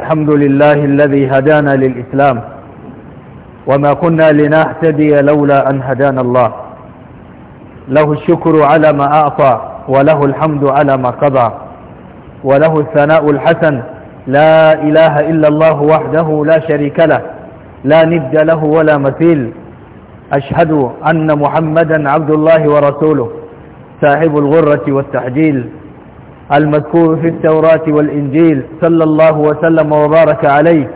الحمد لله الذي هدانا للإسلام وما كنا لنهتدي لولا أن هدانا الله له الشكر على ما أعطى وله الحمد على ما قضى وله الثناء الحسن لا إله إلا الله وحده لا شريك له لا ند له ولا مثيل أشهد أن محمدا عبد الله ورسوله صاحب الغرة والتحجيل المذكور في التوراة والإنجيل صلى الله وسلم وبارك عليه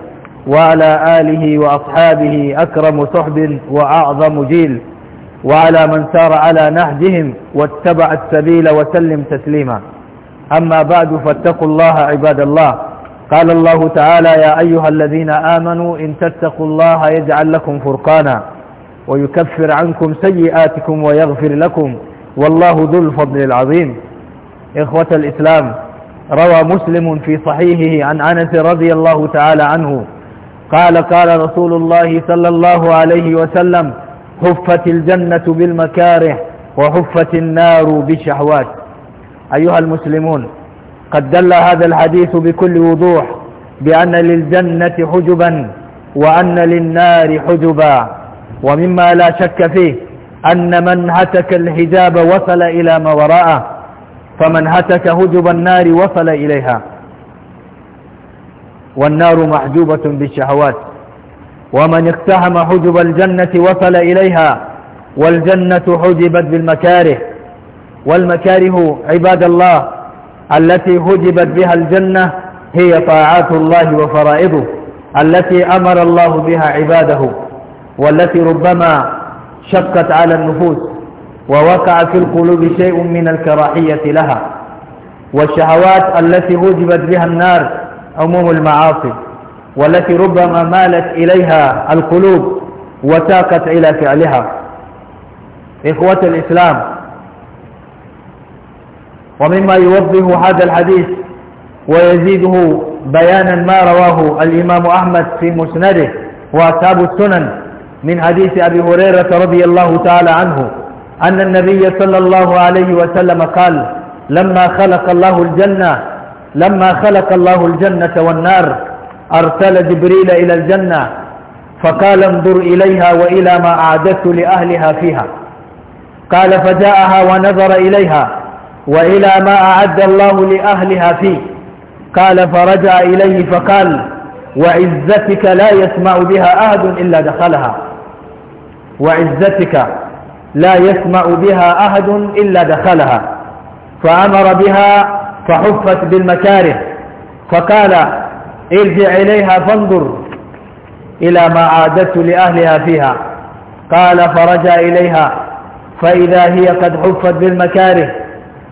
وعلى آله وأصحابه أكرم صحب وأعظم جيل وعلى من سار على نهجهم واتبع السبيل وسلم تسليما أما بعد فاتقوا الله عباد الله قال الله تعالى يا أيها الذين آمنوا إن تتقوا الله يجعل لكم فرقانا ويكفر عنكم سيئاتكم ويغفر لكم والله ذو الفضل العظيم إخوة الإسلام روى مسلم في صحيحه عن أنس رضي الله تعالى عنه قال قال رسول الله صلى الله عليه وسلم حفت الجنة بالمكاره وحفت النار بالشهوات أيها المسلمون قد دل هذا الحديث بكل وضوح بأن للجنة حجبا وأن للنار حجبا ومما لا شك فيه أن من هتك الحجاب وصل إلى ما وراءه فمن هتك هجب النار وصل إليها والنار محجوبة بالشهوات ومن اقتحم حجب الجنة وصل إليها والجنة حجبت بالمكاره والمكاره عباد الله التي حجبت بها الجنة هي طاعات الله وفرائضه التي أمر الله بها عباده والتي ربما شقت على النفوس ووقع في القلوب شيء من الكراهية لها والشهوات التي وجبت بها النار عموم المعاصي والتي ربما مالت إليها القلوب وتاقت إلى فعلها إخوة الإسلام ومما يوضح هذا الحديث ويزيده بيانا ما رواه الإمام أحمد في مسنده وأصحاب السنن من حديث أبي هريرة رضي الله تعالى عنه أن النبي صلى الله عليه وسلم قال لما خلق الله الجنة لما خلق الله الجنة والنار أرسل جبريل إلى الجنة فقال انظر إليها وإلى ما أعددت لأهلها فيها قال فجاءها ونظر إليها وإلى ما أعد الله لأهلها فيه قال فرجع إليه فقال وعزتك لا يسمع بها أحد إلا دخلها وعزتك لا يسمع بها أحد إلا دخلها فأمر بها فحفت بالمكاره فقال ارجع إليها فانظر إلى ما عادت لأهلها فيها قال فرجع إليها فإذا هي قد حفت بالمكاره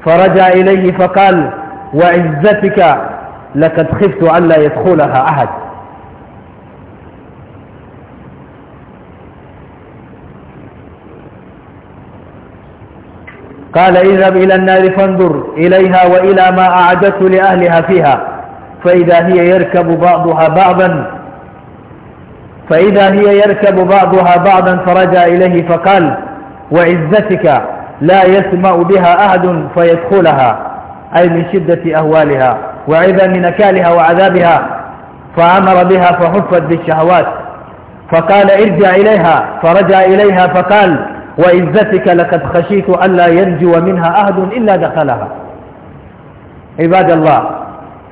فرجع إليه فقال وعزتك لقد خفت ألا يدخلها أحد قال اذهب إلى النار فانظر إليها وإلى ما أعدته لأهلها فيها فإذا هي يركب بعضها بعضا فإذا هي يركب بعضها بعضا فرجع إليه فقال وعزتك لا يسمع بها أحد فيدخلها أي من شدة أهوالها وعذا من أكالها وعذابها فأمر بها فحفت بالشهوات فقال ارجع إليها فرجع إليها فقال وعزتك لقد خشيت أن لا ينجو منها احد إلا دخلها عباد الله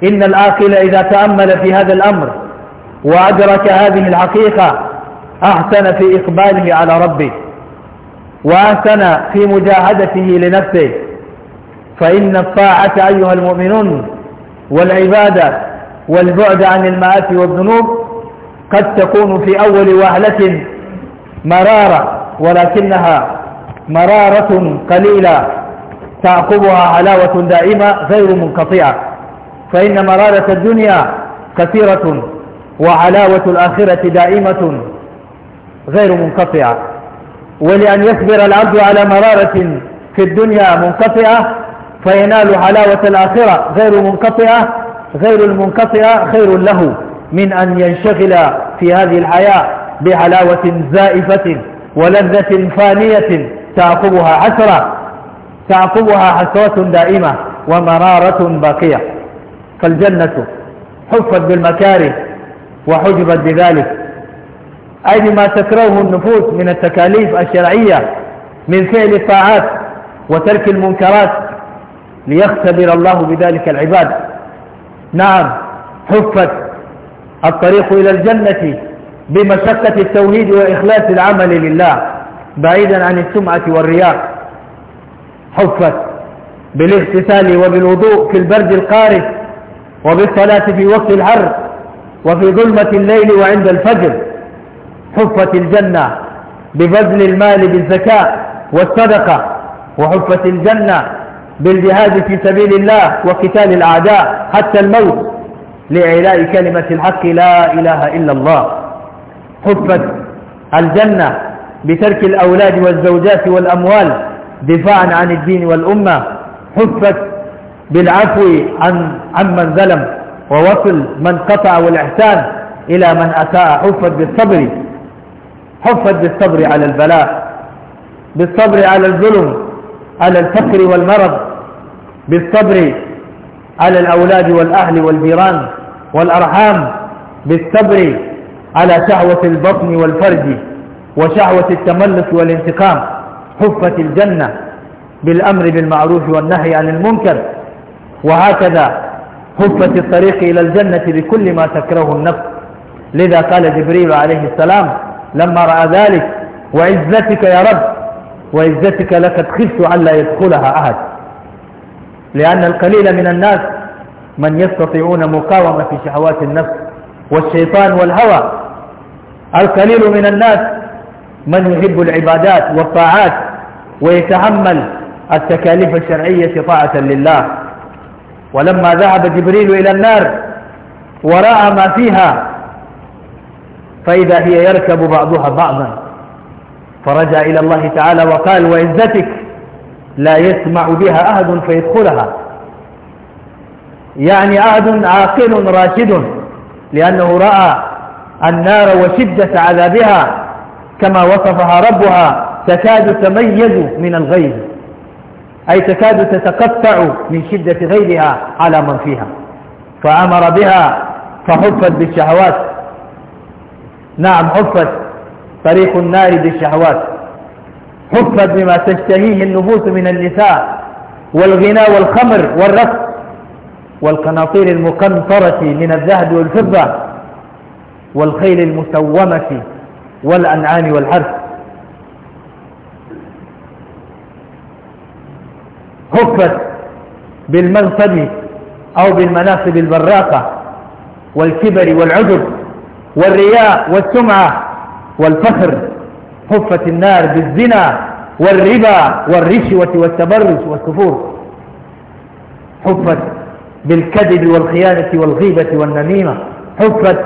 إن العاقل إذا تأمل في هذا الأمر وأدرك هذه الحقيقة أحسن في إقباله على ربه وأحسن في مجاهدته لنفسه فإن الطاعة أيها المؤمنون والعبادة والبعد عن المآسي والذنوب قد تكون في أول وهلة مرارة ولكنها مرارة قليلة تعقبها علاوة دائمة غير منقطعة فإن مرارة الدنيا كثيرة وعلاوة الآخرة دائمة غير منقطعة ولأن يصبر العبد على مرارة في الدنيا منقطعة فينال علاوة الآخرة غير منقطعة غير المنقطعة خير له من أن ينشغل في هذه الحياة بعلاوة زائفة ولذة فانية تعقبها حسرة تعقبها حسرة دائمة ومرارة باقية فالجنة حفت بالمكاره وحجبت بذلك أي ما تكرهه النفوس من التكاليف الشرعية من فعل الطاعات وترك المنكرات ليختبر الله بذلك العباد نعم حفت الطريق إلى الجنة بمشقة التوحيد وإخلاص العمل لله بعيدا عن السمعة والرياء حفت بالاغتسال وبالوضوء في البرد القارس وبالصلاة في وقت الحر وفي ظلمة الليل وعند الفجر حفت الجنة ببذل المال بالزكاة والصدقة وحفت الجنة بالجهاد في سبيل الله وقتال الأعداء حتى الموت لإعلاء كلمة الحق لا إله إلا الله حفت الجنة بترك الأولاد والزوجات والأموال دفاعا عن الدين والأمة حفت بالعفو عن من ظلم ووصل من قطع والإحسان إلى من أساء حفت بالصبر حفت بالصبر على البلاء بالصبر على الظلم على الفقر والمرض بالصبر على الأولاد والأهل والجيران والأرحام بالصبر على شهوة البطن والفرج وشهوة التملس والانتقام حفة الجنة بالأمر بالمعروف والنهي عن المنكر وهكذا حفة الطريق إلى الجنة بكل ما تكره النفس لذا قال جبريل عليه السلام لما رأى ذلك وعزتك يا رب وعزتك لقد خفت أن لا يدخلها أحد لأن القليل من الناس من يستطيعون مقاومة في شهوات النفس والشيطان والهوى القليل من الناس من يحب العبادات والطاعات ويتحمل التكاليف الشرعية طاعة لله ولما ذهب جبريل إلى النار ورأى ما فيها فإذا هي يركب بعضها بعضا فرجع إلى الله تعالى وقال وعزتك لا يسمع بها أحد فيدخلها يعني أحد عاقل راشد لأنه رأى النار وشدة عذابها كما وصفها ربها تكاد تميز من الغيظ أي تكاد تتقطع من شدة غيظها على من فيها فأمر بها فحفت بالشهوات نعم حفت طريق النار بالشهوات حفت بما تشتهيه النفوس من النساء والغنى والخمر والرقص والقناطير المقنطرة من الذهب والفضة والخيل المسومة والأنعام والحرث هفت بالمنصب أو بالمناصب البراقة والكبر والعجب والرياء والسمعة والفخر حفت النار بالزنا والربا والرشوة والتبرج والكفور حفت بالكذب والخيانة والغيبة والنميمة حفت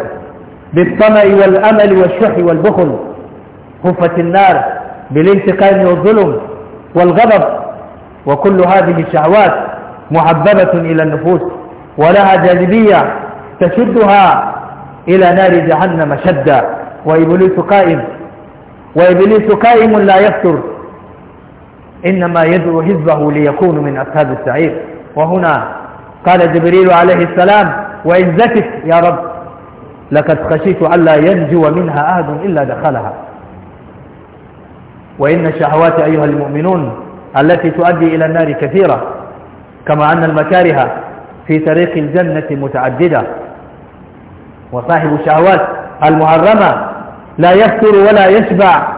بالطمع والأمل والشح والبخل حفت النار بالانتقام والظلم والغضب وكل هذه الشهوات محببة إلى النفوس ولها جاذبية تشدها إلى نار جهنم شدا وإبليس قائم وإبليس قائم لا يفتر إنما يدعو حزبه ليكون من أصحاب السعير وهنا قال جبريل عليه السلام وإن زكت يا رب لقد خشيت ألا ينجو منها أحد إلا دخلها وإن الشهوات أيها المؤمنون التي تؤدي إلى النار كثيرة كما أن المكاره في طريق الجنة متعددة وصاحب الشهوات المحرمة لا يفتر ولا يشبع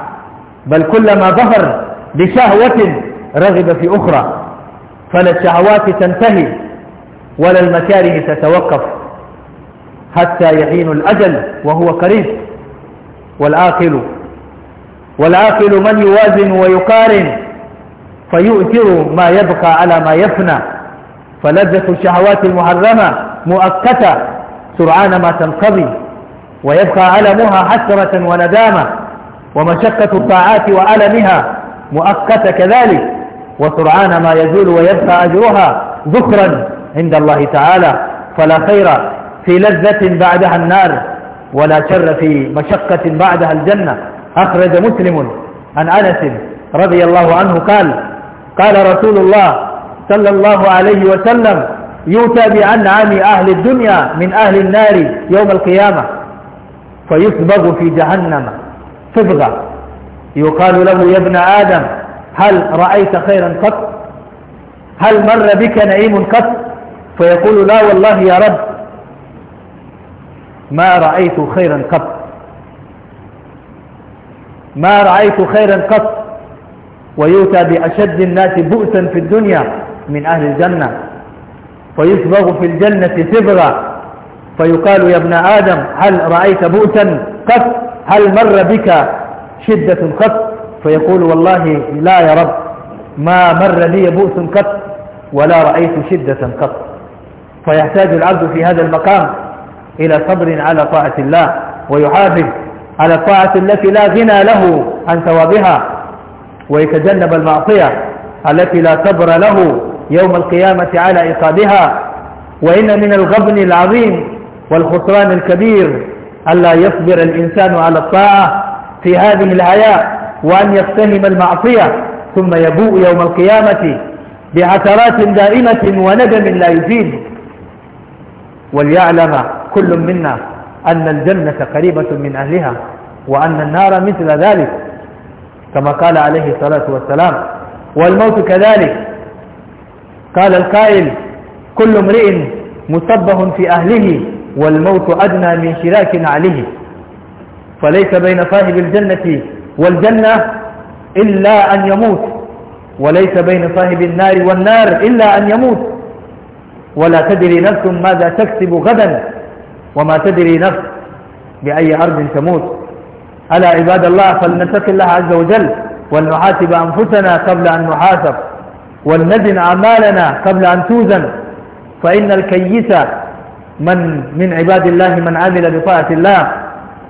بل كلما ظهر بشهوة رغب في أخرى فلا الشهوات تنتهي ولا المكاره تتوقف حتى يحين الأجل وهو قريب والعاقل والعاقل من يوازن ويقارن فيؤثر ما يبقى على ما يفنى فلذة الشهوات المحرمة مؤقتة سرعان ما تنقضي ويبقى علمها حسرة وندامة ومشقة الطاعات وألمها مؤقتة كذلك وسرعان ما يزول ويبقى أجرها ذكرا عند الله تعالى فلا خير في لذة بعدها النار ولا شر في مشقة بعدها الجنة أخرج مسلم عن أنس رضي الله عنه قال قال رسول الله صلى الله عليه وسلم يؤتى بأنعام أهل الدنيا من أهل النار يوم القيامة فيسبغ في جهنم صبغة يقال له يا ابن آدم هل رأيت خيرا قط هل مر بك نعيم قط فيقول لا والله يا رب ما رأيت خيرا قط ما رأيت خيرا قط ويؤتى بأشد الناس بؤسا في الدنيا من أهل الجنة فيصبغ في الجنة صبغة فيقال يا ابن آدم هل رأيت بؤسا قط هل مر بك شدة قط فيقول والله لا يا رب ما مر لي بؤس قط ولا رأيت شدة قط فيحتاج العبد في هذا المقام إلى صبر على طاعة الله ويحافظ على الطاعة التي لا غنى له عن ثوابها ويتجنب المعصية التي لا صبر له يوم القيامة على عقابها وإن من الغبن العظيم والخسران الكبير ألا يصبر الإنسان على الطاعة في هذه الحياة وأن يفتهم المعصية ثم يبوء يوم القيامة بعثرات دائمة وندم لا يزيد وليعلم كل منا أن الجنة قريبة من أهلها وأن النار مثل ذلك كما قال عليه الصلاة والسلام والموت كذلك قال القائل كل امرئ مسبه في أهله والموت أدنى من شراك عليه فليس بين صاحب الجنة والجنة إلا أن يموت وليس بين صاحب النار والنار إلا أن يموت ولا تدري نفس ماذا تكسب غدا وما تدري نفس بأي أرض تموت ألا عباد الله فلنتق الله عز وجل ولنحاسب أنفسنا قبل أن نحاسب ولنزن أعمالنا قبل أن توزن فإن الكيس من من عباد الله من عمل بطاعة الله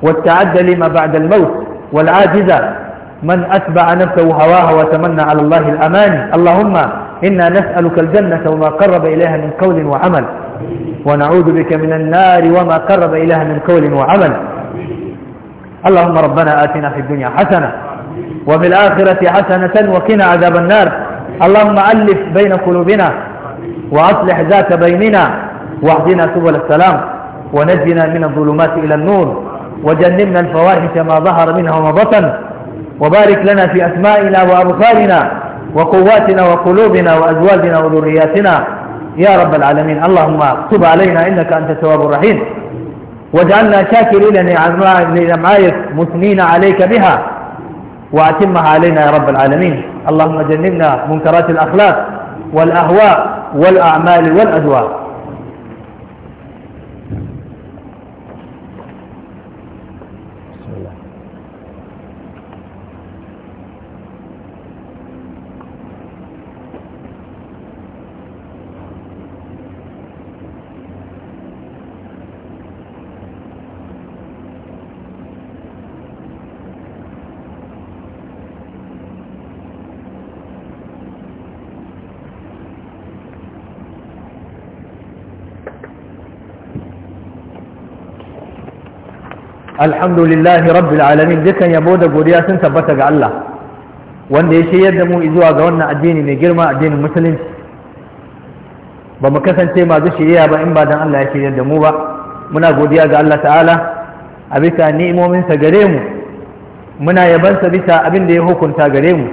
والتعدى لما بعد الموت والعاجز من أتبع نفسه هواه وتمنى على الله الأمان اللهم إنا نسألك الجنة وما قرب إليها من قول وعمل ونعوذ بك من النار وما قرب إليها من قول وعمل اللهم ربنا آتنا في الدنيا حسنة وفي الآخرة حسنة وقنا عذاب النار اللهم ألف بين قلوبنا وأصلح ذات بيننا واهدنا سبل السلام ونجنا من الظلمات إلى النور وجنبنا الفواحش ما ظهر منها وما بطن وبارك لنا في أسمائنا وأبصارنا وقواتنا وقلوبنا وأزواجنا وذرياتنا يا رب العالمين اللهم تب علينا إنك أنت التواب الرحيم واجعلنا شاكرين لنعمائك مثنين عليك بها وأتمها علينا يا رب العالمين اللهم جنبنا منكرات الأخلاق والأهواء والأعمال والأزواج alhamdulillahi rabbil alamin dukan yabo da godiya sun tabbata ga Allah wanda ya shiryar da mu zuwa ga wannan addini mai girma addinin musulunci ba mu kasance masu shirya ba in ba dan Allah ya shiryar da mu ba muna godiya ga Allah ta'ala a bisa ni'imominsa gare mu muna yabansa bisa abin da ya hukunta gare mu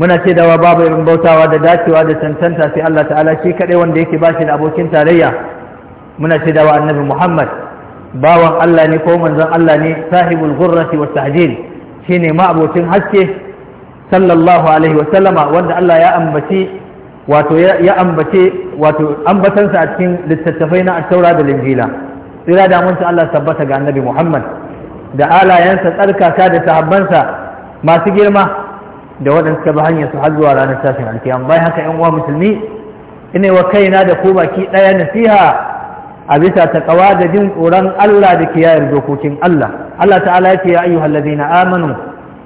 muna ce dawa babu irin bautawa da dacewa da cancanta sai Allah ta'ala shi kaɗai wanda yake ba shi da abokin tarayya muna ce dawa annabi Muhammad bawan Allah ne ko manzon Allah ne sahibul ghurrati wat tahjil shine ma'abocin haske sallallahu alaihi wa sallama wanda Allah ya ambace wato ya ambace wato ambatansa a cikin littattafai na at da linjila tsira da mun Allah tabbata ga annabi Muhammad da alayansa tsarkaka da sahabbansa masu girma da waɗanda suka bi hanyar su har zuwa ranar tashin alkiyama bayan haka 'yan uwa musulmi ina wa kaina da ku baki ɗaya nasiha a bisa taqwa da jin tsoron Allah da kiyayar dokokin Allah Allah ta'ala ya ce ya ayyuhal ladina amanu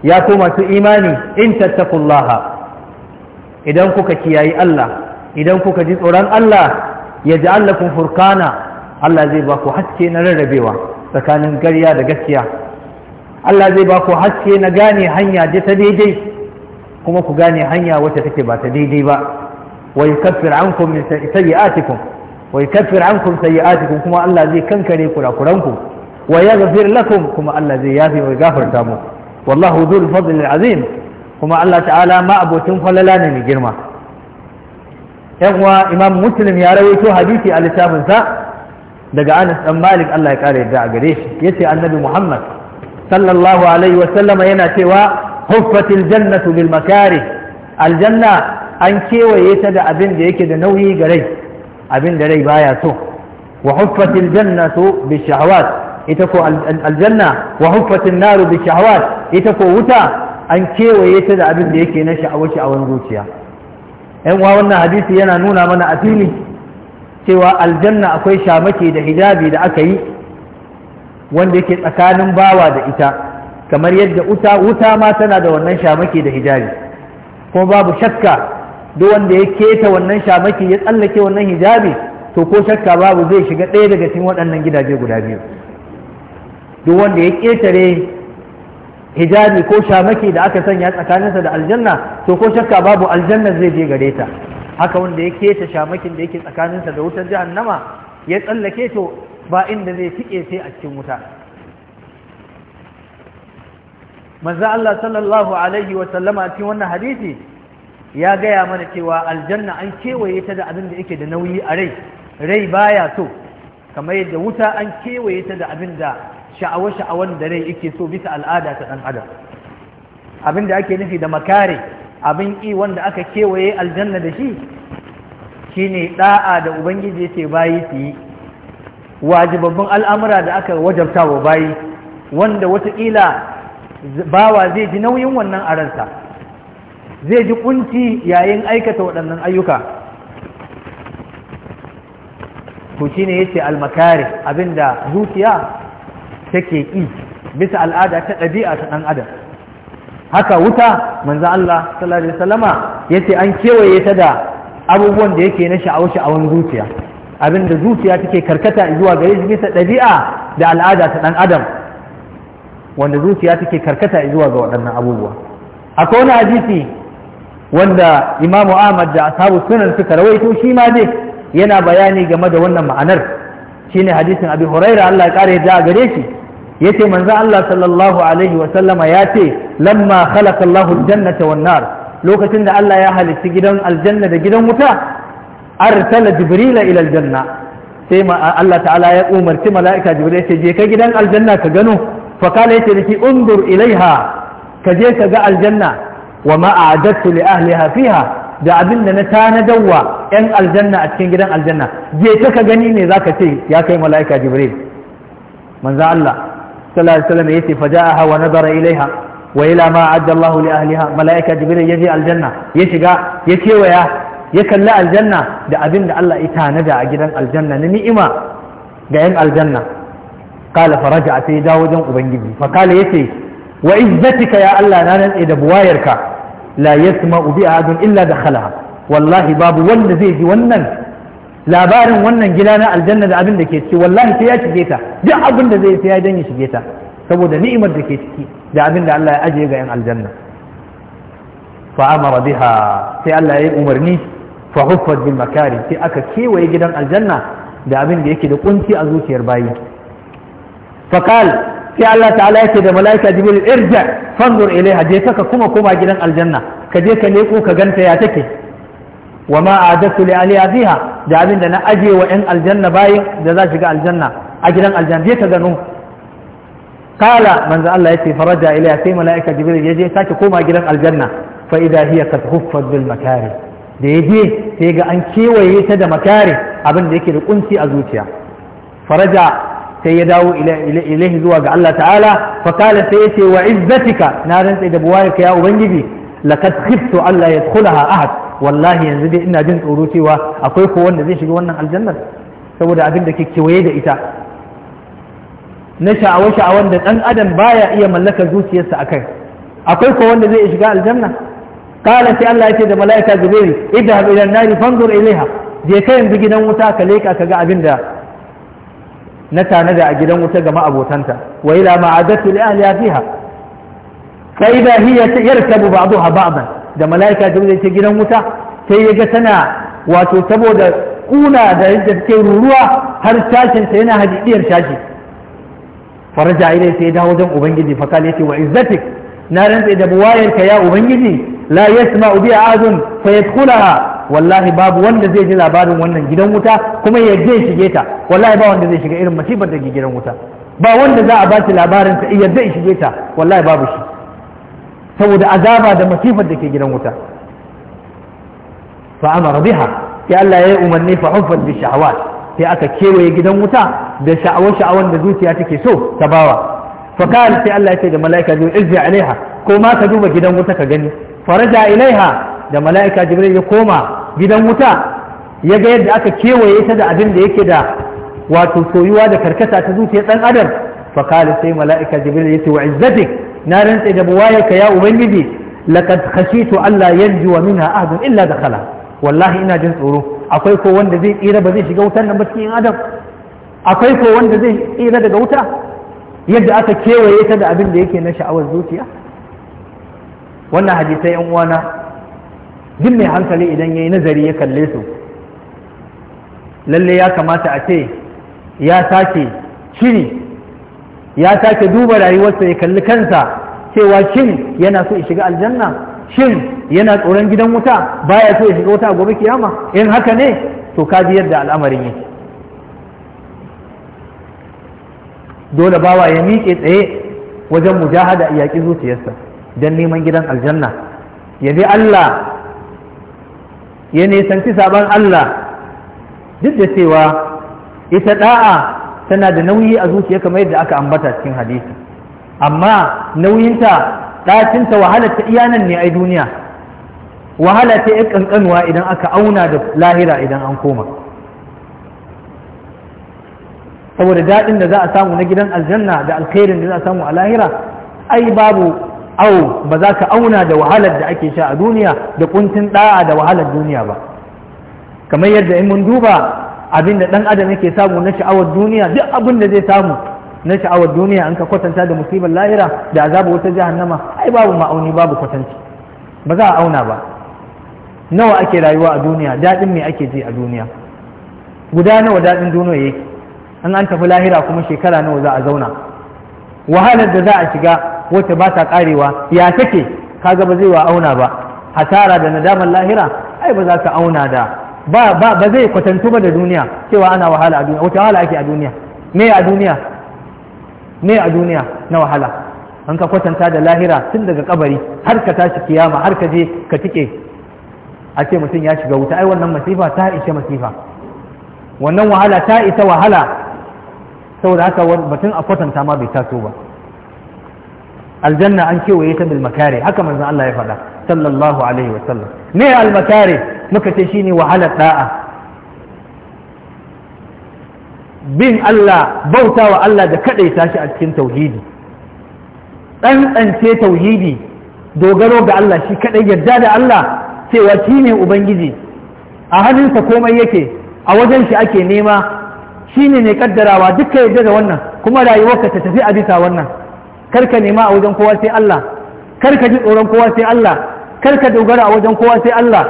ya ku masu imani in tattakullaha idan kuka kiyayi Allah idan kuka ji tsoron Allah yaj'al lakum furkana, Allah zai ba ku haske na rarrabewa tsakanin gariya da gaskiya Allah zai ba ku haske na gane hanya da ta daidai kuma ku gane hanya wacce take ba ta daidai ba wa yukaffir ankum min sayi'atikum wa yukaffir ankum sayyi'atikum kuma Allah zai kankare kurakuranku wa yaghfir lakum kuma Allah zai yafi wa gafarta mu wallahu dhul fadl azim kuma Allah ta'ala ma abotin falala ne mai girma yan uwa imam muslim ya rawaito hadisi a littafin sa daga Anas dan Malik Allah ya kare a gare shi yace annabi Muhammad sallallahu alaihi wa sallama yana cewa huffatil jannatu bil makarih aljanna an kewaye ta da abin da yake da nauyi ga rai abin da rai baya so wa huffatil jannatu bi shahawat ita ko aljanna wa huffatin naru bi shahawat ita ko wuta an kewaye ta da abin da yake na sha'awar sha'awar zuciya yan uwa wannan hadisi yana nuna mana a fili cewa aljanna akwai shamaki da hijabi da aka yi wanda yake tsakanin bawa da ita kamar yadda wuta wuta ma tana da wannan shamaki da hijabi kuma babu shakka duk wanda ya keta wannan shamaki ya tsallake wannan hijabi to ko shakka babu zai shiga ɗaya daga cikin waɗannan gidaje guda biyu duk wanda ya ƙetare hijabi ko shamaki da aka sanya tsakaninsa da aljanna to ko shakka babu aljanna zai je gare ta haka wanda ya keta shamakin da yake tsakaninsa da wutar jahannama ya tsallake to ba inda zai tike sai a cikin wuta manzo Allah sallallahu alaihi wa sallama cikin wannan hadisi ya gaya mana cewa aljanna an kewaye ta da abin da yake da nauyi a rai rai baya so kamar yadda wuta an kewaye ta da abin da sha'awa sha'awan da rai yake so bisa al'ada ta dan adam abin da ake nufi da makare abin ƙi wanda aka kewaye aljanna da shi shine da'a da ubangiji yake bayi su yi wajibabbin al'amura da aka wajabta wa bayi wanda wataƙila bawa zai ji nauyin wannan a ransa zai ji kunci yayin aikata waɗannan ayyuka to shine yace almakari abinda zuciya take ƙi bisa al'ada ta ɗabi'a ta ɗan adam haka wuta manzo Allah sallallahu alaihi wasallama yace an kewaye ta da abubuwan da yake na sha'awar sha'awar zuciya abinda zuciya take karkata zuwa gare bisa ɗabi'a da al'ada ta ɗan adam wanda zuciya take karkata zuwa ga waɗannan abubuwa akwai wani hadisi wanda imamu ahmad da ashabu sunan suka rawaito shi ma dai yana bayani game da wannan ma'anar shine hadisin abi huraira Allah ya kare da gare shi yace manzo Allah sallallahu alaihi wa sallama yace lamma khalaqa Allahu jannata wan nar lokacin da Allah ya halitta gidan aljanna da gidan wuta arsala jibrila ila aljanna sai ma Allah ta'ala ya umarci mala'ika jibril yace je ka gidan aljanna ka gano fa kala yace dake undur ilaiha ka je ka ga aljanna wa ma'adattu li ahliha fiha da abin da na tanadawa yan aljanna a cikin gidan aljanna je ta ka gani ne zaka ce ya kai mala'ika jibril manzo Allah sallallahu alaihi wasallam yace faja'aha wa nazara ilaiha wa ila ma adda Allah li ahliha mala'ika jibril yaje aljanna ya shiga ya kewaya ya kalli aljanna da abinda Allah ya tanada a gidan aljanna na ni'ima ga yan aljanna Kala faraja sai dawo wajen ubangiji fa kala yace wa izzatika ya Allah na nan da buwayarka la yasma'u bi ahadun illa dakhala wallahi babu wanda zai ji wannan labarin wannan gida na aljanna da abin da ke ciki wallahi sai ya shige ta duk abin da zai sai ya dan ya shige ta saboda ni'imar da ke ciki da abin da Allah ya ajiye ga yan aljanna fa amara biha sai Allah ya yi umarni fa huffat bil makari sai aka kewaye gidan aljanna da abin da yake da kunci a zuciyar bayi fakal sai Allah ta'ala yake da malaika jibril irja fanzur ilaiha je ka kuma koma gidan aljanna ka je ka leko ka ganta ya take wa ma adatu li aliyaziha da abin da na aje wa yan aljanna bayin da za shiga aljanna a gidan aljanna je ka gano kala manzo Allah yace faraja ilaiha sai malaika jibril ya je sake koma gidan aljanna fa idha hiya qad huffat bil makari da ya je sai ga an kewaye ta da makari abin da yake da kunci a zuciya faraja sai ya dawo ilaihi zuwa ga Allah ta'ala fa kala ya yace wa izzatika na rantsa da ka ya ubangiji laqad khiftu Allah yadkhulaha ahad wallahi yanzu dai ina jin tsoro cewa akwai ko wanda zai shiga wannan aljannar saboda abin da ke kewaye da ita na sha'awa sha'awan da dan adam baya iya mallakar zuciyarsa akai akwai ko wanda zai shiga aljanna kala sai Allah ya ce da mala'ika jibril idhab ila an-nar fanzur ilaiha je ka yanzu gidan wuta ka leka ka ga abin da na tanada a gidan wuta ga ma'abotanta wa ila ma'adatu li ahliha fiha fa idha hiya yarkabu ba'daha ba'dan da malaika jibril ta gidan wuta sai yaga tana wato saboda kuna da yadda take ruruwa har tashin ta yana hadidiyar shashi faraja ilai sai dawo wajen ubangiji fa kale ce wa izzatik na rantsa da ka ya ubangiji la yasma'u ubi azun fa yadkhulaha wallahi babu wanda zai ji labarin wannan gidan wuta kuma ya je shige ta wallahi ba wanda zai shiga irin masifar da ke gidan wuta ba wanda za a ba shi labarin ta yadda in shige ta wallahi babu shi saboda azaba da masifar da ke gidan wuta fa amara biha Ya Allah ya yi umarni fa huffat bi shahawat sai aka kewaye gidan wuta da sha'awar sha'awar da zuciya take so ta bawa fa kal sai Allah ya ce da mala'ika zo izzi alaiha ko ma ka duba gidan wuta ka gani faraja ilaiha da mala'ika jibril ya koma gidan wuta ya ga yadda aka kewaye ta da abin da yake da wato soyuwa da karkasa ta zuciya dan adam fa kala sai mala'ika jibril yace wa izzatik na rantsa da buwaye ka ya ubangiji laqad Allah alla yanju minha ahadun illa dakhala wallahi ina jin tsoro akwai ko wanda zai tsira ba zai shiga wutar nan ba cikin adam akwai ko wanda zai tsira daga wuta yadda aka kewaye ta da abin da yake na sha'awar zuciya wannan hadisai yan uwana duk mai hankali idan ya yi nazari ya kalle su lalle ya kamata a ce ya sake shiri ya sake duba rayuwarsa ya kalli kansa cewa shin yana so ya shiga aljanna shin yana tsoron gidan wuta baya so ya shiga wuta gobe kiyama in haka ne to ka ji yadda al'amarin yake dole bawa ya miƙe tsaye wajen mujahada yaƙi zuciyarsa don neman gidan aljanna ya bi Allah ya nisanci sabon Allah duk da cewa ita da'a tana da nauyi a zuciya kamar yadda aka ambata cikin hadisi amma nauyinta ɗacinta wahala ta iyanan ne a duniya wahala ta yi ƙanƙanwa idan aka auna da lahira idan an koma saboda daɗin da za a samu na gidan aljanna da alkhairin da za a samu a lahira ai babu au ba za ka auna da wahalar da ake sha a duniya da kuntin da'a da wahalar duniya ba kamar yadda in mun duba abin da dan adam yake samu na sha'awar duniya duk abin da zai samu na sha'awar duniya an ka kwatanta da musibar lahira da azabu wata jahannama ai babu ma'auni babu kwatanci ba za a auna ba nawa ake rayuwa a duniya daɗin me ake ji a duniya guda nawa daɗin duniya yake an an tafi lahira kuma shekara nawa za a zauna wahalar da za a shiga wacce ba ta karewa ya take kaga ba zai wa auna ba hasara da nadamar lahira ai ba za ka auna da ba ba ba zai kwatantu ba da duniya cewa ana wahala a duniya wata wahala ake a duniya me a duniya me a duniya na wahala an ka kwatanta da lahira tun daga kabari har ka tashi kiyama har ka je ka tike a ce mutum ya shiga wuta ai wannan masifa ta ishe masifa wannan wahala ta isa wahala saboda haka batun a kwatanta ma bai taso ba aljanna an kewaye ta bil makare haka manzon Allah ya faɗa sallallahu alaihi wa sallam me al makare muka ce shine wahala da'a bin Allah bautawa Allah da kadaita shi a cikin tauhidi ɗanɗance tauhidi dogaro ga Allah shi kaɗai yarda da Allah cewa shine Ubangiji a hannunsa komai yake a wajen shi ake nema shi ne mai kaddarawa duka yarda da wannan kuma rayuwarka ta tafi a bisa wannan kar ka nema a wajen kowa sai Allah kar ka ji tsoron kowa sai Allah kar ka dogara a wajen kowa sai Allah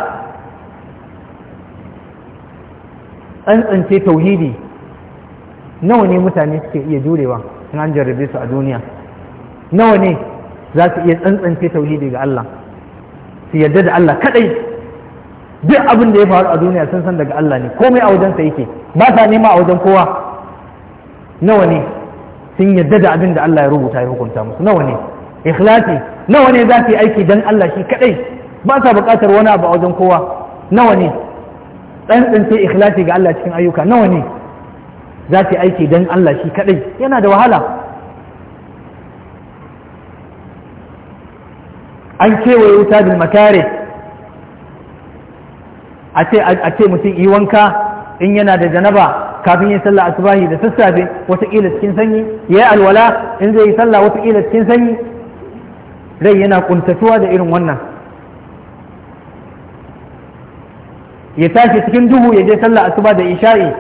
an tsance tauhidi nawa ne mutane suke iya jurewa in an jarrabe su a duniya nawa ne za su iya tsantsance tauhidi ga Allah su yarda da Allah kadai duk abin da ya faru a duniya sun san daga Allah ne komai a wajensa yake ba sa nema a wajen kowa nawa ne sun yadda da abin da Allah ya rubuta ya hukunta musu nawa ne ikhlasi nawa ne za su yi aiki don Allah shi kadai ba sa buƙatar wani abu wajen kowa nawa ne sai ikhlasi ga Allah cikin ayyuka nawa ne za su yi aiki don Allah shi kadai yana da wahala an kewaye wuta bil makare a ce mutum yi wanka in yana da janaba kafin yin sallah asubahi da sassafe wataƙila cikin sanyi ya yi alwala in zai yi sallah wataƙila cikin sanyi rai yana ƙuntatuwa da irin wannan ya tashi cikin duhu ya je sallah asuba da isha'i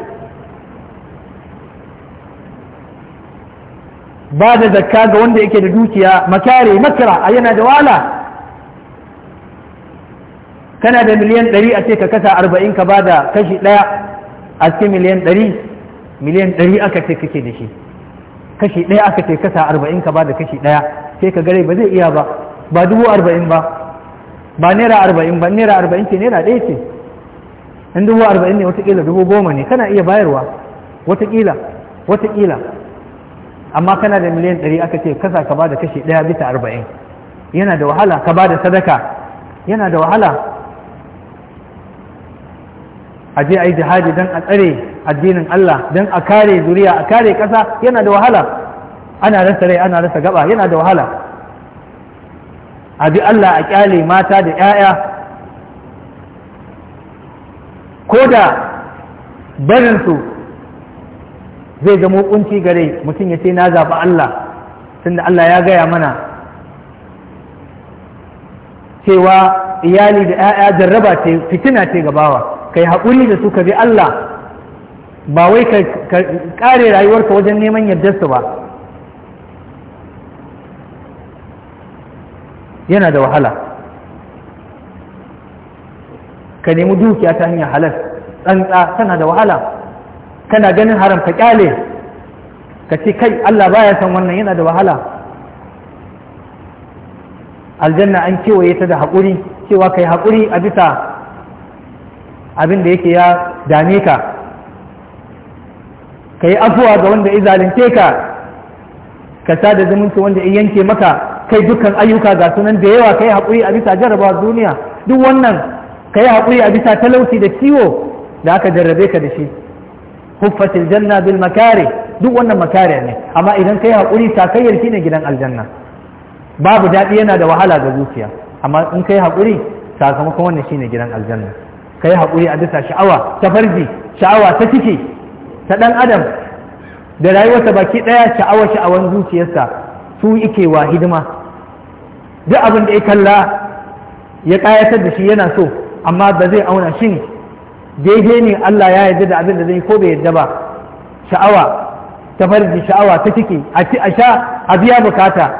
ba da zakka ga wanda yake da dukiya makare makara a yana da wala kana da miliyan ɗari a ce ka kasa arba'in ka ba da kashi ɗaya a cikin miliyan ɗari miliyan ɗari aka ce kake da shi kashi ɗaya aka ce kasa arba'in ka ba da kashi ɗaya sai ka gare ba zai iya ba ba dubu arba'in ba ba naira arba'in ba naira arba'in ce naira ɗaya ce in dubu arba'in ne watakila dubu goma ne kana iya bayarwa watakila watakila amma kana da miliyan ɗari aka ce kasa ka ba da kashi ɗaya bisa arba'in yana da wahala ka ba da sadaka yana da wahala a je a yi jihadi don a tsare addinin Allah don a kare zuriya a kare ƙasa yana da wahala ana rasa rai ana rasa gaba yana da wahala a bi Allah a kyale mata da 'ya'ya ko da barinsu zai zama hukunci gare mutum ya ce na zaɓi Allah tunda Allah ya gaya mana cewa iyali da 'ya'ya jarraba ce fitina ce gabawa kai haƙuri da su ka bi Allah ba wai ka ƙare rayuwarka wajen neman yardarsa ba yana da wahala ka nemi dukiya ta hanyar halas tsantsa tana da wahala kana ganin haram ka kyale ka ce kai Allah baya san wannan yana da wahala aljanna an kewaye ta da haƙuri cewa kai haƙuri a bisa abin da yake ya dame ka ka yi afuwa ga wanda ya zalunce ka ka sada zumunci wanda ya yanke maka kai dukkan ayyuka ga sunan da yawa ka yi haƙuri a bisa jarraba duniya duk wannan ka yi haƙuri a bisa talauci da ciwo da aka jarrabe ka da shi huffatil janna bil makare duk wannan makare ne amma idan ka yi haƙuri sakayyar shi ne gidan aljanna babu daɗi yana da wahala ga zuciya amma in ka yi haƙuri sakamakon wannan shi ne gidan aljanna ka yi haƙuri a bisa sha'awa ta farji sha'awa ta ciki ta ɗan adam da rayuwarsa baki ɗaya sha'awa sha'awar zuciyarsa su ike wa hidima duk abin da ya kalla ya ƙayatar da shi yana so amma ba zai auna shin daidai ne Allah ya yarda da abin da zai ko bai yarda ba sha'awa ta farji sha'awa ta ciki a ci a sha a biya bukata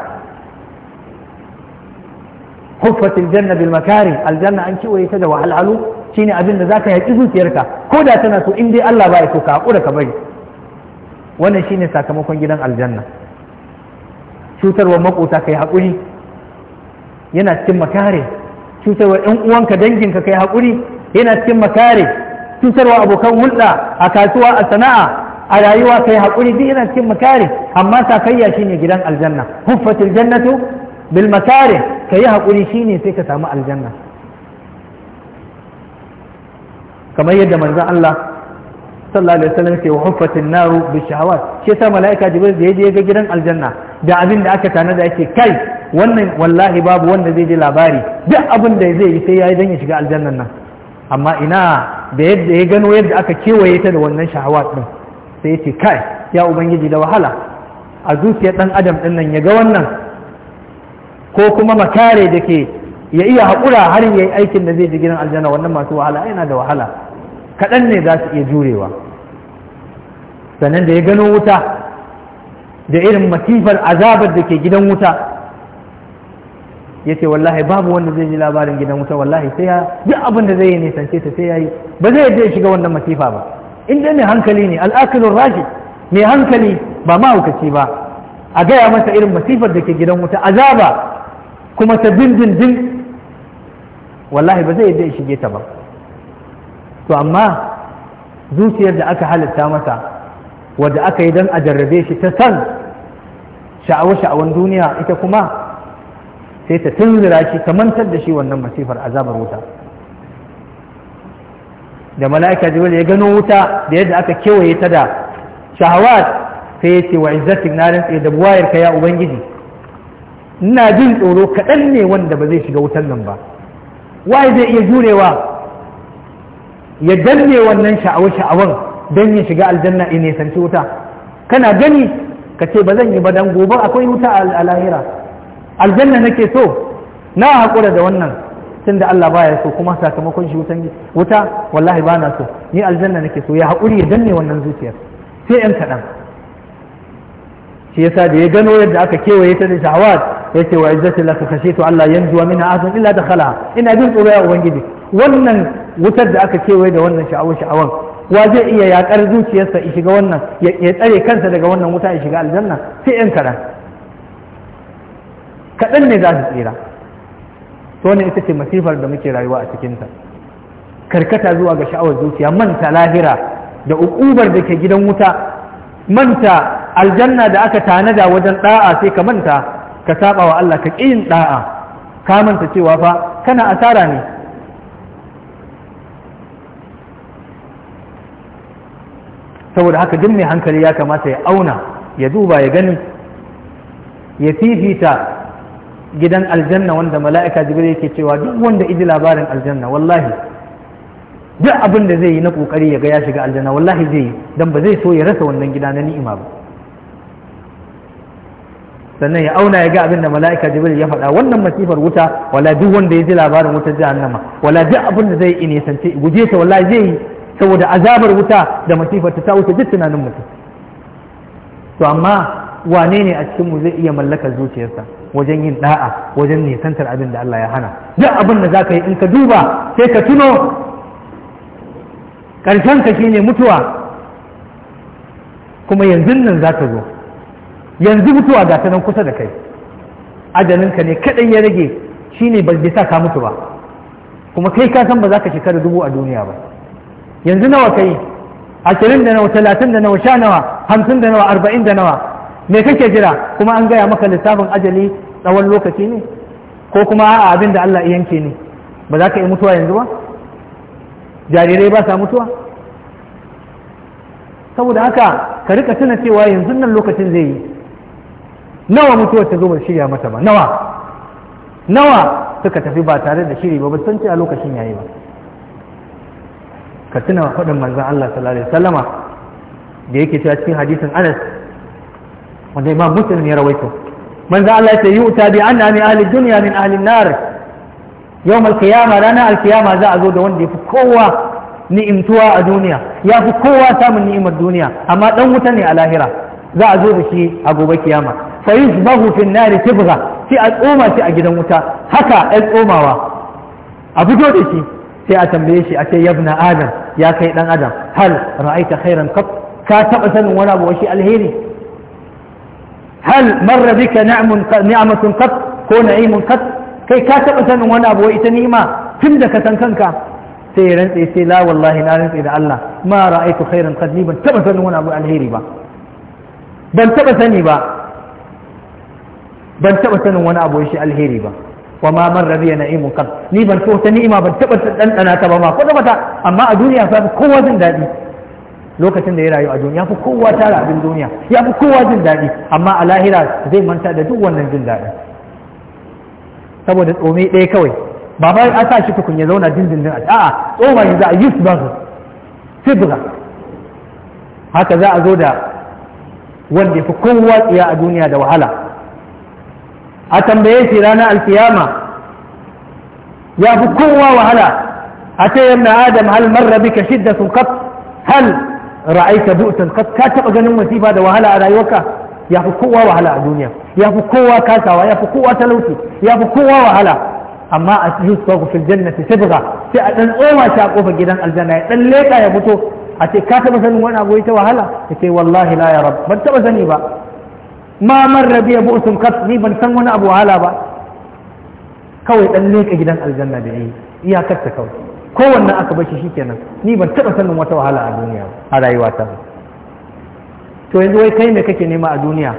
makari aljanna an الجنة ta da wahalhalu. shine abin da zaka yaƙi zuciyarka ko da tana so in dai Allah ba ya so ka haƙura ka bari wannan shine sakamakon gidan aljanna cutarwa makota kai hakuri yana cikin makare cutarwa ɗan uwanka danginka kai hakuri yana cikin makare cutarwa abokan hulɗa a kasuwa a sana'a a rayuwa kai hakuri duk yana cikin makare amma sakayya shine gidan aljanna huffatil jannatu bil makare kai hakuri shine sai ka samu aljanna kamar yadda manzan Allah sallallahu alaihi wasallam ke huffatin naru bi shahawat shi yasa malaika jibril da yaje ga gidan aljanna da abin da aka da yake kai wannan wallahi babu wanda zai ji labari duk abin da zai yi sai yayi dan ya shiga aljannan nan amma ina da yadda ya gano yadda aka kewaye ta da wannan shahawat din sai ya ce kai ya ubangiji da wahala a zuciyar dan adam din nan ya ga wannan ko kuma makare da ke ya iya haƙura har ya yi aikin da zai ji gidan aljanna wannan masu wahala yana da wahala kaɗan ne za su iya jurewa sannan da ya gano wuta da irin masifar azabar da ke gidan wuta ya ce wallahi babu wanda zai ji labarin gidan wuta wallahi sai ya duk abin da zai yi nisance ta sai ya yi ba zai yadda ya shiga wannan masifa ba in dai mai hankali ne al'akilun rashi mai hankali ba mahaukaci ba a gaya masa irin masifar da ke gidan wuta azaba kuma ta din wallahi ba zai yadda ya shige ta ba to amma zuciyar da aka halitta masa wadda aka yi don a jarrabe shi ta san sha'awar-sha'awar duniya ita kuma sai ta tunzura shi ta mantar da shi wannan masifar azabar wuta da mala'ika jibril ya gano wuta da yadda aka kewaye ta da shahawat sai ya ce wa izzatin na rantsa da buwayar ka ya ubangiji ina jin tsoro kaɗan ne wanda ba zai shiga wutar nan ba waye zai iya jurewa ya danne wannan sha'awar sha'awan don ya shiga aljanna in ya sanci wuta kana gani ka ce ba zan yi ba dan gobe akwai wuta a lahira aljanna nake so na haƙura da wannan tun da Allah baya so kuma sakamakon shi wutan wuta wallahi ba na so ni aljanna nake so ya haƙuri ya danne wannan zuciyar sai yan kaɗan shi yasa da ya gano yadda aka kewaye ta da shahawat ya ce wa izzati laka kashe to Allah yanzu wa mina ahadun illa dakhala ina bin tsoro ya ubangiji wannan wutar da aka kewaye da wannan sha'awar sha'awar wa zai iya yakar zuciyarsa ya shiga wannan ya tsare kansa daga wannan wuta ya shiga aljanna sai yan kaɗan kaɗan ne za su tsira to wannan ita ce masifar da muke rayuwa a cikinta karkata zuwa ga sha'awar zuciya manta lahira da ukubar da ke gidan wuta manta aljanna da aka tanada wajen da'a sai ka manta ka saba wa Allah ka ƙin da'a ka manta cewa fa kana asara ne saboda haka duk mai hankali ya kamata ya auna ya duba ya gani ya fifita gidan aljanna wanda mala'ika jibril yake cewa duk wanda iji labarin aljanna wallahi duk abin da zai yi na kokari ya ga ya shiga aljanna wallahi zai yi dan ba zai so ya rasa wannan gida na ni'ima ba sannan ya auna ya ga abin da mala'ika jibril ya faɗa wannan masifar wuta wala duk wanda ya ji labarin wutar jahannama wala duk abin da zai yi ne sance guje ta wallahi zai yi saboda azabar wuta da masifarta ta wuce duk tunanin mutum to amma wane ne a cikin mu zai iya mallakar zuciyarsa wajen yin da'a wajen nisantar abin da Allah ya hana duk abin da ka yi in ka duba sai ka tuno ƙarshen ka shine mutuwa kuma yanzu nan za ta zo yanzu mutuwa ga ta nan kusa da kai ajalinka ne kaɗai ya rage shine ba sa ka mutu ba kuma kai ka san ba za ka shekara dubu a duniya ba yanzu nawa kai ashirin da nawa talatin da nawa sha nawa hamsin da nawa arba'in da nawa me kake jira kuma an gaya maka lissafin ajali tsawon lokaci ne ko kuma a abin da Allah yanke ne ba za ka yi mutuwa yanzu ba jarirai ba sa mutuwa saboda haka ka rika tuna cewa yanzu nan lokacin zai yi nawa mutuwar ta zo ba shirya mata ba nawa nawa suka tafi ba tare da shiri ba ba san a lokacin yayi ba ka tuna faɗin manzan Allah sallallahu alaihi Sallama da yake cewa cikin hadisin Anas wanda Imam Muslim ya rawaito manzan Allah ya yuta bi anna min ahli dunya min ahli nar yawm al-qiyamah rana al-qiyama za a zo da wanda yafi kowa ni'imtuwa a duniya yafi kowa samun ni'imar duniya amma dan wuta ne a lahira za a zo da shi a gobe kiyama fa yusbahu fi an-nar tibgha fi al-umma fi a gidan wuta haka al-umawa a fito da shi sai a tambaye shi a ce yabna adam ya kai dan adam hal ra'aita khairan qat ka taba sanin wani abu shi alheri hal marra bika ni'mun ni'matun qat ko na'imun qat kai ka taba sanin wani abu ita ni'ima tun da ka san kanka sai ya rantse sai la wallahi na rantse da Allah ma ra'aitu khairan qat ban taba sanin wani abu alheri ba ban taba sani ba ban taba sanin wani abu shi alheri ba wa ma man rabiya na'imun kam ni ban so ni'ima ban taba dandana ta ba ma ko ta amma a duniya fa kowa jin daɗi lokacin da ya rayu a duniya fi kowa tara abin duniya ya fi kowa daɗi amma a lahira zai manta da duk wannan jin daɗi saboda tsome ɗaya kawai ba bayan asa sa shi tukun ya zauna dindindin a a'a tsoma shi za a yi su ba su sibra haka za a zo da wanda fi kowa tsiya a duniya da wahala a tambaye shi ranar alkiyama ya fi kowa wahala a ce yamna adam hal marra bika shiddatun qat hal ra'aita bu'tan ka taba ganin masifa da wahala a rayuwarka ya fi kowa wahala a duniya ya fi kowa kasawa ya fi kowa talauci ya fi kowa wahala amma a yusufu fil jannati sibgha sai a dan tsoma shi a kofar gidan aljanna ya dan leka ya fito a ce ka taba sanin wani abu ita wahala ta ce wallahi la ya rab ban taba sani ba ma Rabi rabiya bu'sun kas ni ban san wani abu wahala ba kawai dan leka gidan aljanna da yi iyakar ta kawai kowanne aka bashi shikenan ni ban taba sanin wata wahala a duniya a rayuwata to yanzu wai kai ne kake nema a duniya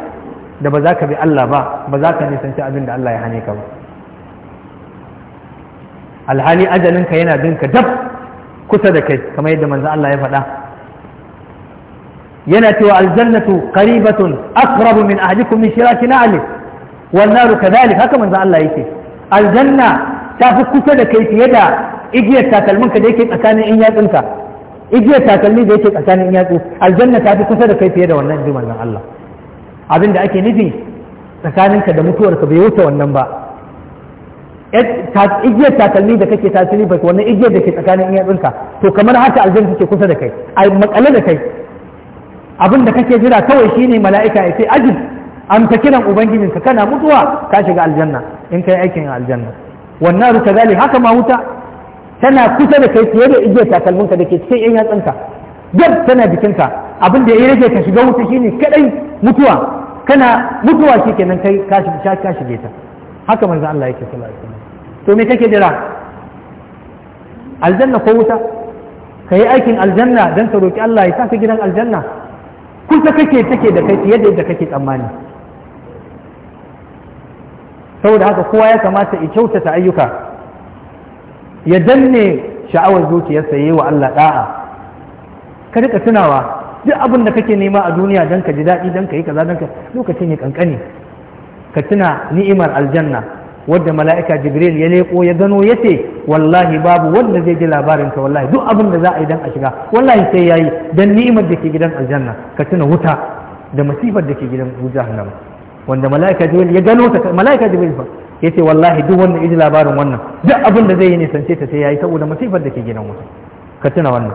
da ba za ka bi Allah ba ba za ka nisanci abin da Allah ya hane ka ba alhali ajalinka yana binka dab kusa da kai kamar yadda manzo Allah ya faɗa yana cewa aljannatu qaribatun aqrabu min ahdikum min shiraki na'li wan naru kadhalik haka manzo Allah yake aljanna ta fi kusa da kai fiye da igiyar takalmin ka da yake tsakanin in yatsunka igiyar takalmi da yake tsakanin in yatsu aljanna ta fi kusa da kai fiye da wannan jiman nan Allah abin da ake nufi tsakanin ka da mutuwarka bai wuce wannan ba igiyar takalmi da kake tasiri ba wannan igiyar da ke tsakanin in yatsunka to kamar haka aljanna take kusa da kai ai makale da kai abin da kake jira kawai shine mala'ika ya ce ajin an ta kiran ubangijin ka kana mutuwa ka shiga aljanna in kai aikin aljanna wannan ruka zali haka ma wuta tana kusa da kai fiye da igiyar takalminka da ke cikin yan yatsunka gab tana jikinka abin da ya rage ka shiga wuta shine kadai mutuwa kana mutuwa shikenan kai ka shige ta haka manzo Allah yake sallallahu alaihi wasallam to me kake jira aljanna ko wuta ka yi aikin aljanna don ka roki Allah ya saka gidan aljanna kusa kake take da kai fiye da yadda kake tsammani saboda haka kowa ya kamata ya kyautata ayyuka ya danne sha'awar zuciyarsa yayi wa Allah da'a ka rika tunawa duk abin da kake nema a duniya dan ka ji daɗi dan ka yi kaza dan ka lokaci ya kankani ka tuna ni'imar aljanna wadda mala'ika jibril ya leko ya gano ya ce wallahi babu wanda zai ji labarin ka wallahi duk abin da za a yi dan a shiga wallahi sai ya yi dan ni'imar da ke gidan aljanna ka tuna wuta da masifar da ke gidan jahannama wanda mala'ika jibril ya gano ta mala'ika jibril fa ce, wallahi duk wanda ya ji labarin wannan duk abin da zai yi ne sance ta sai ya yi saboda masifar da ke gidan wuta ka tuna wannan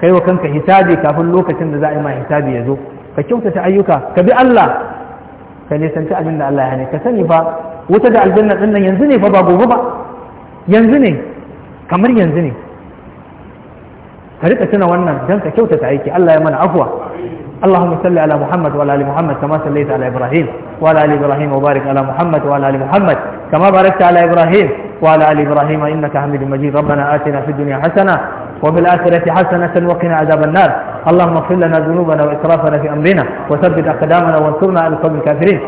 kai wa kanka hisabi kafin lokacin da za a yi ma hisabi ya zo ka kyautata ayyuka ka bi Allah ka nisanci abin da Allah ya hane ka sani fa wuta da aljanna din nan yanzu ne fa ba gobe ba yanzu ne kamar yanzu ne ka rika tuna wannan dan ka kyautata aiki Allah ya mana afwa اللهم صل على محمد وعلى ال محمد كما صليت على ابراهيم وعلى ال ابراهيم وبارك على محمد وعلى ال محمد كما باركت على ابراهيم وعلى ال ابراهيم انك حميد مجيد ربنا آتنا في الدنيا حسنه وفي الآخرة حسنة وقنا عذاب النار اللهم اغفر لنا ذنوبنا وإسرافنا في أمرنا وثبت أقدامنا وانصرنا على القوم الكافرين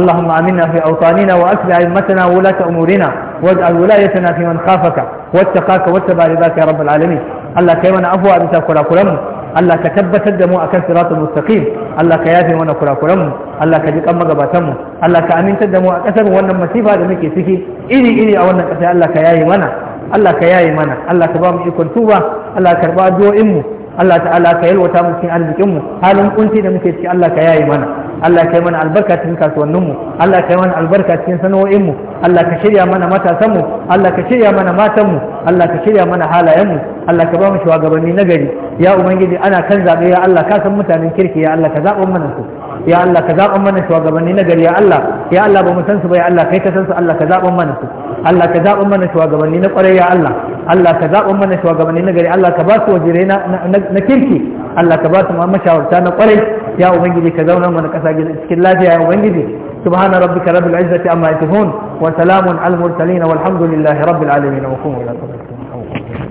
اللهم امنا في اوطاننا واتبع ائمتنا وولاة امورنا واجعل ولايتنا في من خافك واتقاك واتبع رضاك يا رب العالمين الله كي من افوا بتا كلا كلام الله كتبت الدم اكن صراط المستقيم الله كيافي من كلا كلام الله كجي كان مغباتن الله كامنت الدم اكثر wannan masifa da muke ciki iri iri a wannan kasa Allah ka yayi mana Allah ka yaye mana Allah ka ba mu ikon tuba Allah ka karba addu'o'in mu Allah ta'ala ka yalwata mu cikin arzikin mu halin kunci da muke ciki Allah ka yaye mana Allah ka yi mana albarka cikin kasuwannin mu Allah ka yi mana albarka cikin sana'o'in mu Allah ka shirya mana matasan mu Allah ka shirya mana matan mu Allah ka shirya mana halayen mu Allah ka ba mu shugabanni na gari ya ubangiji ana kan zabe ya Allah ka san mutanen kirki ya Allah ka zaɓa mana su ya Allah ka zaɓa mana shugabanni nagari. ya Allah ya Allah ba mu san su ba ya Allah kai ka san su Allah ka zaɓa mana su Allah ka zaɓa mana shugabanni na ƙwarai ya Allah Allah ka zaɓa mana shugabanni na gari Allah ka ba su wajirai na kirki Allah ka ba su ma mashawarta na ƙwarai ya ubangiji ka zauna mana ƙasa cikin lafiya ya ubangiji subhana rabbika rabbil izzati amma yasifun wa salamun al mursalin walhamdulillahi rabbil alamin wa qumu ila